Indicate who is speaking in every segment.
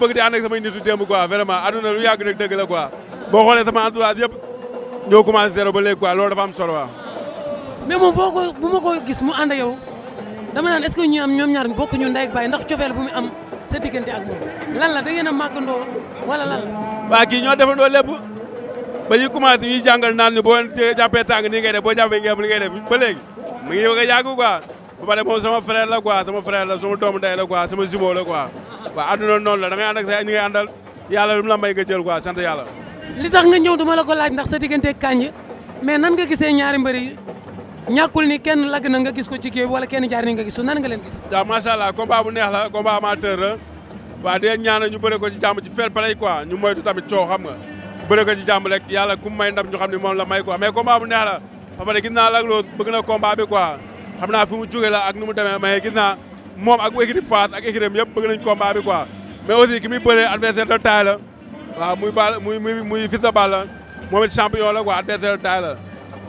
Speaker 1: bëgg di ànd ak samay nitu démb quoi vraiment aduna lu yàgg nag dëgg la quoi boo xoolee sama entourage yëpp ñoo commencé zéro ba léegi quoi a dafa am solo waaw.
Speaker 2: mais moom boo ko bu ma gis mu ànd yow dama naan est-ce que ñu am ñoom ñaar bokk ñu ndey ak baay ndax cofeel bu mu am sa diggante ak moom lan la da ngeen a màggandoo
Speaker 1: wala lan la. waa kii ñoo defandoo lépp ba ñuy commencé ñuy jàngal naan ñu boo jàppee tàng nii ngay def boo jàppee ngeen li ngay def ba léegi mu a yàgg quoi ba pare moom sama sama frère la sama doomu waaw àdduna noonu la da ngay ànd ak say ñi ngay àndal yàlla lu mu la may nga jël quoi sant yàlla
Speaker 2: li tax nga ñëw la ko laaj ndax sa diggante Kandji mais nan nga gisee ñaari mbër yi ñàkkul ni kenn lag na nga gis ko ci géew wala
Speaker 1: kenn jaar ni nga gis ko nan nga leen gis waaw macha allah combat bu neex la combat amateur la waaw de ñaana ñu bëre ko ci jàmm ci fair ñu moytu tamit coow xam nga bëre ko ci rek yàlla ku may ndam ñu xam ne moom la may quoi mais combat bu naa Lac Rose na combat bi quoi xam naa fi mu la ak nu mu demee mais gis naa moom ak équipe Fass ak équipe am bëgg nañ combat bi quoi mais aussi ki muy bëree adversaire de taille la waaw muy Balla muy muy muy Fils de moom it champion la quoi adversaire de taille la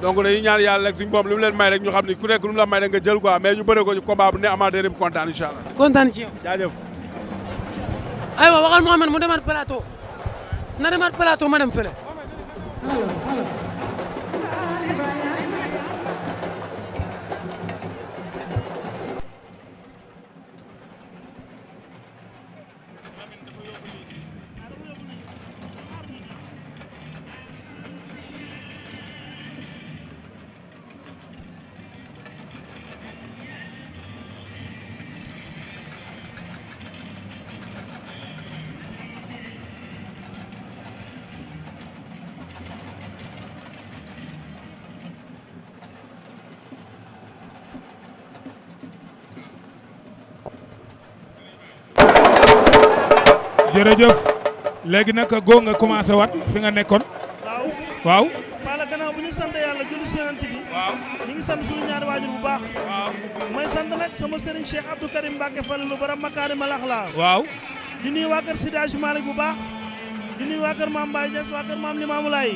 Speaker 1: donc dañuy ñaan yàlla rek suñu bopp lu le leen may rek ñu xam ni ku nekk lu mu la may rek nga jël quoi mais ñu bëre ko ci combat bu ne amateur yi kontaan incha allah. kontaan ci yow jaajëf.
Speaker 2: aywa waxal Mouhamed mu demaat plateau na demaat plateau ma dem fële.
Speaker 3: jërëjëf léegi nag góo nga commencé waat fi nga nekkoon. waaw waaw. Palla gannaaw bu ñu sant yàlla julli si yonent bi. waaw ñu ngi sant suñu ñaari waajur bu baax. waaw may sant nag sama sëriñ Cheikh Abdou Karim Mbacke Falilou borom Makaarimal Axlaaq. waaw di nuyu waa kër Sidi Hadj Malick bu baax. di nuyu waa kër Maam Baye Niass waa kër Maam Limaamu Laay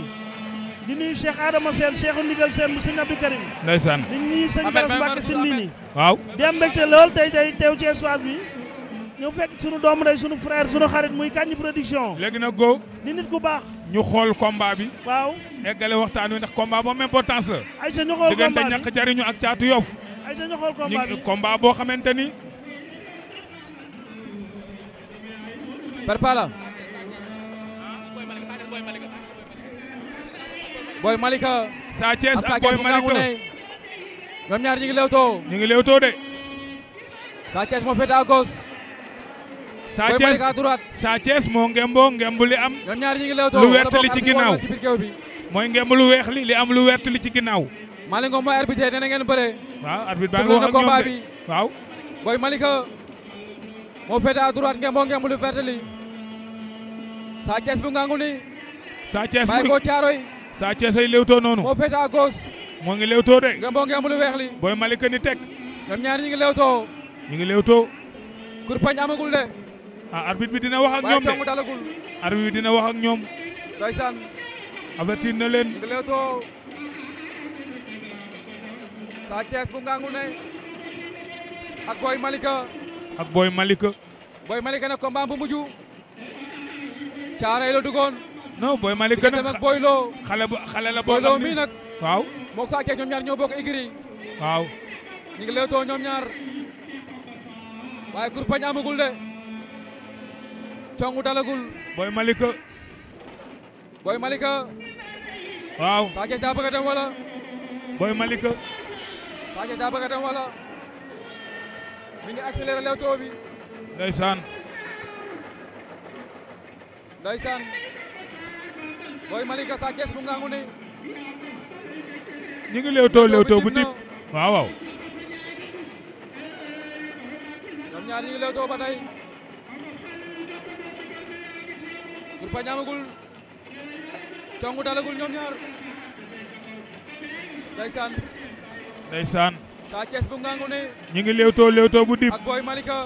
Speaker 3: di nuyu Cheikh Adama Sène Cheikh Ndigal Sène bu sëñ Abdou Karim. ndeysaan di nuyu sëñ Bass Mbacke si nii nii. waaw di am mbégte lool tey tey teew bi. ñëw fekk sunu doomu day sunu frère sunu xarit muy Kandji production. léegi nag go. di nit ku baax. ñu xool combat bi. waaw eggale waxtaan wi ndax combat bu am importance la. ayca ñu xool ak caatu yof. ayca ñu xool combat boo xamante ni. Perpala.
Speaker 4: Boy Malika. Sa Thiès ak Boy Malika ñoom ñaar ñu ngi lewtoo. ñu ngi lewtoo de.
Speaker 3: Sa Thiès moo féete à
Speaker 4: Sa
Speaker 3: Thiès moo ngemboo ngemb li am lu wert li ci ginnaaw lu weex li li am lu wert li ci ginnaaw Malick Ngom mooy arbitre nee na ngeen bëree waaw arbitre baa ngi wax ak ñoom
Speaker 4: de waaw booy Malika moo féete à ngemboo ngemb lu wert li
Speaker 3: Sa Thiès bu ngangu ni Sa Thiès bàyyi caaroy Sa Thiès ay léewtoo noonu moo féete à gauche moo ngi léewtoo de ngemboo ngemb lu weex li booy Malika ni teg ñoom ñaar ñi ngi léewtoo ñu ngi léewtoo kurpañ amagul de ah arbitre bi dina wax ak ñoom de dalagul arbitre bi dina wax ak ñoom ndeysaan avertir na leen ngi
Speaker 4: leetoo Sa Thiès bu ngangu ne ak Boy Malika
Speaker 3: ak Boy Malika
Speaker 4: Boy Malika ne combat bu mujj caaray la duggoon non Boy Malika nag ak Boy Lo xale bu xale la boo xam ne Boy Lo mii nag waaw mook Sa Thiès ñoom ñaar ñoo bokk igri waaw ñu ngi leetoo ñoom ñaar waaye kurpañ amagul de congu dalagul. Boy Malika. Boy Malika. waaw.
Speaker 3: Sa Thiès daa bëgg a dem wala. Boy Malika.
Speaker 4: Sa Thiès daa a dem wala. mi ngi accéléré leewtoo bi. ndeysaan. ndeysaan.
Speaker 5: Boy Malika Sa Thiès bu ngangu ni.
Speaker 3: ñu ngi leewtoo leewtoo bu dib waaw
Speaker 4: ñoom ñaar ñu ngi leewtoo ba Kurpañ amagul congu dalagul ñoom ñaar ndeysaan ndeysaan Sa Thiès bu ngangu ne
Speaker 3: ñu ngi léewtoo léewtoo bu dib ak
Speaker 4: Boy Malika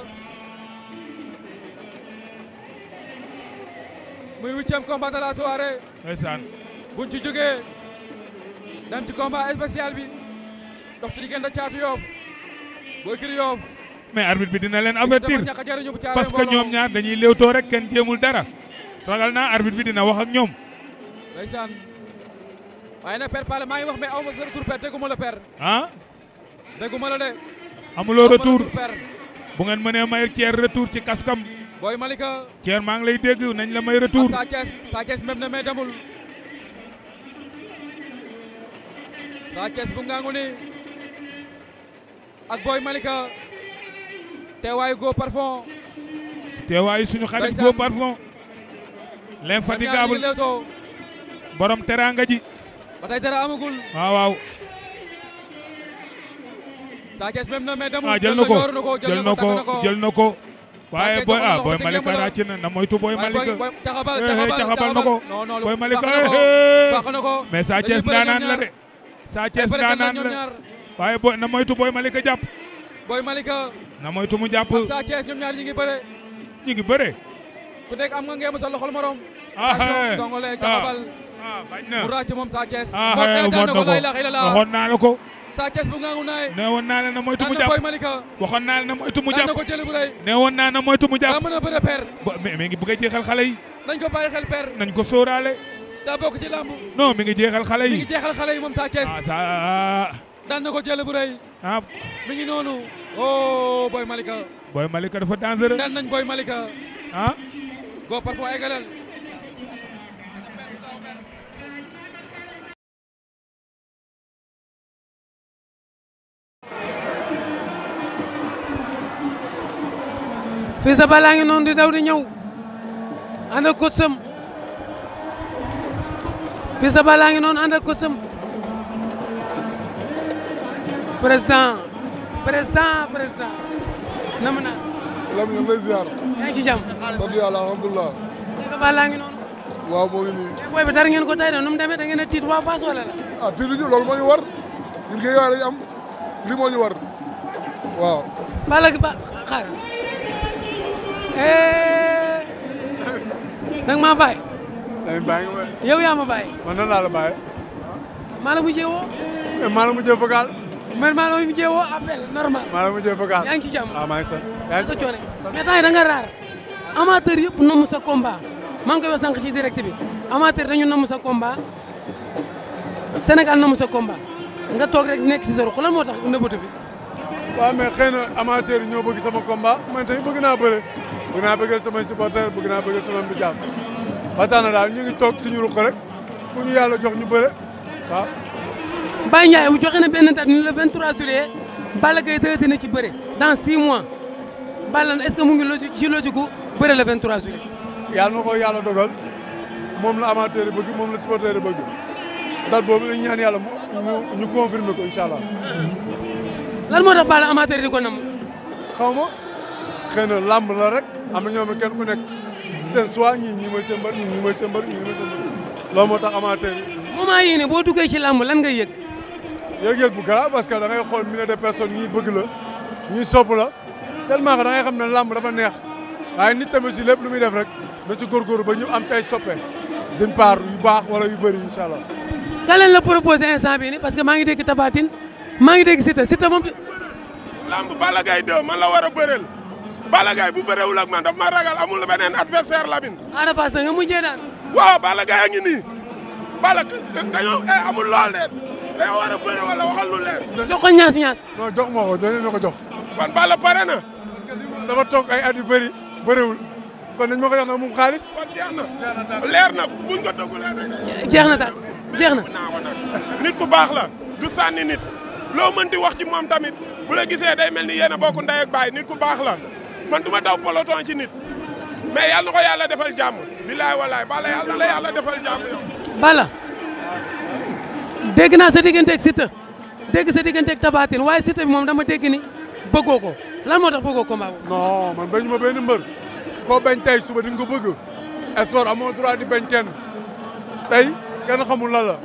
Speaker 4: muy huitième combat de la soirée ndeysaan buñ ci jógee dem ci combat spécial bi dox ci diggante caatu yoof Boy Kiri yoof
Speaker 3: mais arbitre bi dina leen avertir parce que ñoom ñaar dañuy léewtoo rek kenn jéemul dara ragal naa arbitre bi dina wax ak ñoom.
Speaker 4: ndeysaan waaye na père Palla maa ngi wax mais aw ma sa retour père dégguma la père. ah. dégguma la de.
Speaker 3: amuloo retour bu ngeen mënee may Thier retour ci kaskam.
Speaker 4: booy Malika.
Speaker 3: Thier maa ngi lay dégg nañ la may retour. Sa Thiès Sa na may demul.
Speaker 4: Sa Thiès bu ngangu ni ak booy Malika. teewaayu go parfum.
Speaker 3: teewaayu suñu xarit go parfum. l'infatigable borom teraanga ji.
Speaker 4: ba tey amagul. waaw jël na ko jël na ko jël
Speaker 3: ah, ko. waaye booy ah booy Malika daa na moytu booy Malika. caxabal eh, eh, na ko. Eh. booy Malika mais Sa Thiès ndaanaan la de. Sa Thiès ndaanaan la waaye booy na moytu booy Malika jàpp. booy Malika. na moytu mu jàpp. Sa ngi bëre. ku
Speaker 4: nekk am nga ngeemu sa loxol morom. action ah, songole caxabal. Ah, ah bañ na muraay ci moom Sa Thiès. ah xëy na ko waxoon naa
Speaker 3: la ko. Sa Thiès bu ne woon naa la na moytu mu jàpp daan na Malika. naa la na moytu mu jàpp daan naa na moytu mu jàpp. a bëre per. ba mais mi ngi bëgg a jeexal xale yi. nañ ko bàyyi xel per. nañ ko sóoraale. daa bokk ci làmb. non mi ngi jeexal xale yi
Speaker 4: mi ngi jeexal yi moom Sa Thiès. ah, ah. daan ko jëli bu rëy. ah mi ngi noonu. oh Boy Malika.
Speaker 3: Boy Malika dafa dangereux. daan nañ
Speaker 4: Boy Malika. ah Go Parfum égalal
Speaker 3: Fils de ngi noonu di daw di ñëw
Speaker 2: ànd ak kótsam Fils de ngi noonu ànd ak kótsam président président na lam ñu lay ziar yaa ngi ci jàmm. sant yàlla alhamdulilah. dégg nga laa ngi noonu. waaw moo ngi ngeen ko tey de nu mu demee da a tiit waa Fass la. ah tiit ñu loolu moo ñu war ñun kay yaay dañu am lii moo war
Speaker 3: waaw.
Speaker 5: Balla ba xaar. Eh, danga maa bàyyi. danga bàyyi nga ma. yow yaa ma bàyyi. man nan laa la bàyyi. maa woo. Eh, maa la mujjee focal. man maa la ma mujjee woo appel normal. maa la
Speaker 2: mujjee vocal yaa ngi ci jàmm. Ah, ngi sant yaa ngi amateur yëpp namm sa combat maa ngi sànq ci direct bi amateur dañu namm sa combat
Speaker 5: Sénégal namm nga toog rek nekk si sa ruq lan moo tax nëbbatu bi. waaw xëy na amateur yi ñoo bëgg sama combat man tamit bëgg naa bëre bëgg naa bëggal samay supporters bëgg naa bëggal sama mbéjaam ba tax na daal ñu ngi toog suñu ruq jox ñu bëre
Speaker 2: Baye Ndiaye mu joxe na benn date ni le 23 juillet Balla Gaye dina ci bëre dans 6 mois Balla est-ce que mu ngi logique ci logique gu bëre le 23 juillet.
Speaker 5: yàlla yàlla dogal moom la amateur yi moom la supporter yi bëgg date boobu la ñu yàlla mu ñu confirmer ko incha allah. lan moo tax Balla amateur di ko nam. xaw ma xëy na làmb rek am na ñoom kenn ku nekk seen soit ñii ñii mooy seen mbër ñii ñii mooy seen mbër ñii moo tax amateur yi. moment yii nii boo duggee ci làmb lan ngay yëg. yëg-yëg bu garaaw parce que da xool milliers de personnes ñuy bëgg la ñuy sopp la tellement que da ngay xam ne làmb dafa neex waaye nit tamit si lépp lu muy def rek na ci góorgóorlu ba ñëpp am ci ay soppe d'une yu baax wala yu bëri incha allah. kan lañ la
Speaker 2: proposé instant bii nii que maa ngi dégg Tapha Tine maa ngi dégg Siteu Siteu moom. làmb Balla Gaye 2 man la war a bëreel Balla Gaye bu bëreewul ak man daf ma ragal la beneen adversaire Lamine. Ada Fass nga mujjee daan. waaw Balla Gaye a ngi nii Balla dañoo eh, amul
Speaker 5: lool de.
Speaker 1: day war a bëre wala waxal lu leer.
Speaker 5: jox ko ñaas ñaas. non jox ma ko dinañ ko jox. kon Balla pare na. parce dafa toog ay at yu bëri bëriwul kon nañ ma ko jox nag moom xaalis. kon jeex na leer na buñ ko dëggu leer na. jeex na daal jeex na.
Speaker 2: nit ku baax la du sànni nit loo mën di wax ci moom tamit bu la gisee day mel ni yéen
Speaker 1: a bokk ndey ak baay nit ku baax la mën du ma daw peloton ci nit mais yàlla na ko yàlla defal jàmm. bilaay walaay Balla yàlla la yàlla defal jàmm yow.
Speaker 2: Balla. dégg naa sa digganteeg Siteu dégg sa digganteeg Tapha Tine waaye Siteu bi moom dama dégg ni
Speaker 5: bëggoo ko lan moo tax bëggoo combat boobu. non man bañ ma benn mbër koo bañ tey suba di ko bëgg sport amoo droit di bañ kenn tey kenn xamu lan la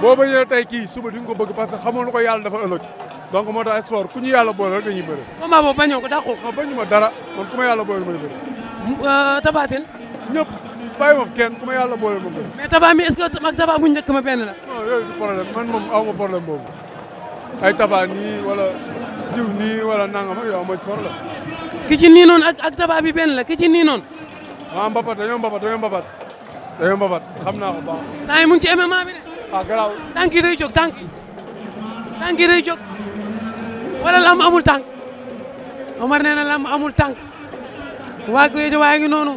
Speaker 5: boo bañee tey kii suba di nga ko bëgg parce que xamul lu ko yàlla dafa ëllëg donc moo tax sport ku ñu yàlla boole rek dañuy ko dàqoo. non bañu ma dara man ku ma yàlla boole ma ñu bëri. Euh, bàyyi ma fi kenn ku ma yàlla boole moom la. mais Tapha mi est-ce que ak Tapha bu njëkk ma benn la. non yooyu du problème man moom aw ma problème boobu ay Tapha nii wala jiw nii wala nangam ak yow amoo ci problème. ki ci nii noonu ak ak bi benn la ki ci nii noonu. waaw mbapat dañoo mbapat dañoo mbapat dañoo mbapat xam naa ko baax.
Speaker 2: temps yii mu ngi ci MMA bi de.
Speaker 5: Ah, yi day jóg tànk tànk yi day jóg wala lamb amul
Speaker 2: tànk nee na lamb amul tànk waa Guèye waaye ngi noonu.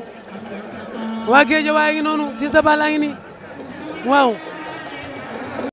Speaker 3: waa Géeja waa ngi noonu Fils de Balla a ngi nii waaw.